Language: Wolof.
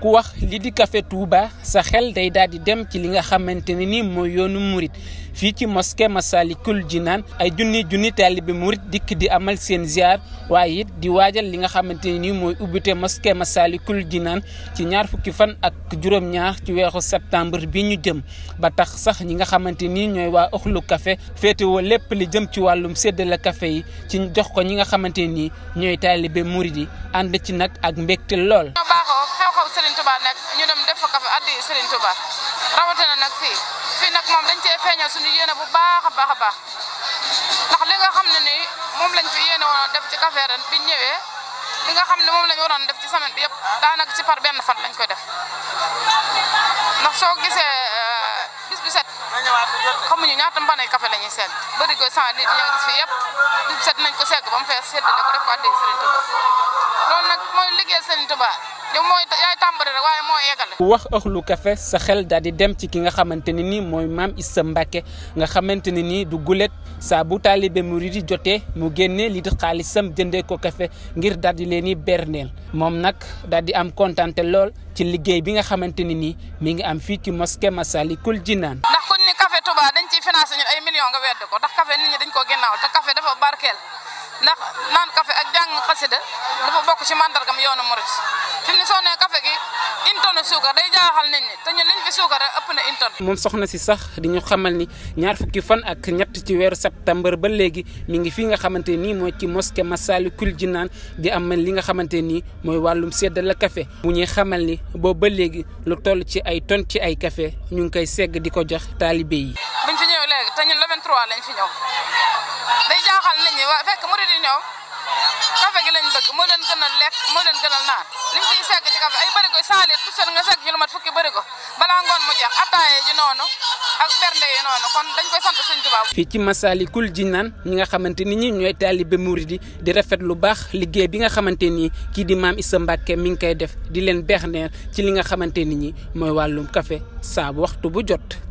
ku wax li di café Touba sa xel day daal di dem ci li nga xamante ne ni mooy yoonu murit fii ci mosquée ji naan ay junni junni taalibe murit dikk di amal seen ziar waaye it di waajal li nga xamante ne ni mooy ubbite mosquée Massalikul naan ci ñaar fukki fan ak juróom-ñaar ci weexu septembre bi ñu jëm ba tax sax ñi nga xamante nii ñooy waa Oxlu Café féetewoo lépp li jëm ci wàllum séddale kafe yi ci jox ko ñi nga xamante nii ñooy taalibe murit yi ànd ci nag ak mbégte lool. Serigne Touba nekk ñu dem def ko fi addi Serigne Touba rawatina nag fii nag moom dañ cee feeñal suñu yéene bu baax a baax a baax ndax li nga xam ne moom lañ fi yéene woon def ci café ren bi ñëwee li nga xam ne moom lañ waroon def ci semaine yëpp daanaka ci par benn fan lañ koy def ndax soo gisee euh, bis bi set xamuñu ñaata mbanay café la ñuy seet ba ko cent litres ñu gis fi nañ ko segg ba mu fees seddale ko def ko addi Serigne Touba nag mooy liggéey Serigne Touba li mooy yaay tàmbali rek waaye moo eggale. wax Euhlou Café sa xel daal di dem ci ki nga xamante ne nii mooy maam Issa Mbacké nga xamante ne nii du gulet saa bu taalibe mu di jotee mu génne li di xaalisam jëndee ko café ngir daal di leen i berneel moom nag daal di am kontante lool ci liggéey bi nga xamante ne nii mu ngi am fii ci mosquée Massalikul Jinaan. ndax ku ni café Touba dañ ciy financé ñun ay millions nga wedd ko ndax café nit ñi dañ ko ginnaaw ndokkeel ndax moom soxna si sax di ñu xamal ni ñaar fukki fan ak ñett ci weeru septembre ba léegi mu ngi fi nga xamante nii mooy ci mosquée Massalikul Jinaan di am li nga xamante ni mooy wàllum séddale kafe bu ñuy xamal ni boobu léegi lu toll ci ay ton ci ay kafe ñu ngi koy segg di ko jox taalibe yi. buñ fi ñëw léegi te ñun le 23 lañ fi ñëw. ñi waa fekk murid yi ñoom gi lañ bëgg moo leen gënal lekk moo leen gënal naan liñ ciy segg ci café ay bërigo cent litres bu nga segg ci lu mat fukki bërigo balaa ngoon mu jeex ji noonu ak bernde yi noonu kon dañ koy sant Sëñ Tuubaa fii ci Masaalikul Jinaan ñi nga xamante ni ñi ñooy taalibe murid di rafet lu baax liggéey bi nga xamante nii kii di maam Issa Mbàkke mi ngi koy def di leen beex neer ci li nga xamante ni ñi mooy wàllum kafe sa waxtu bu jot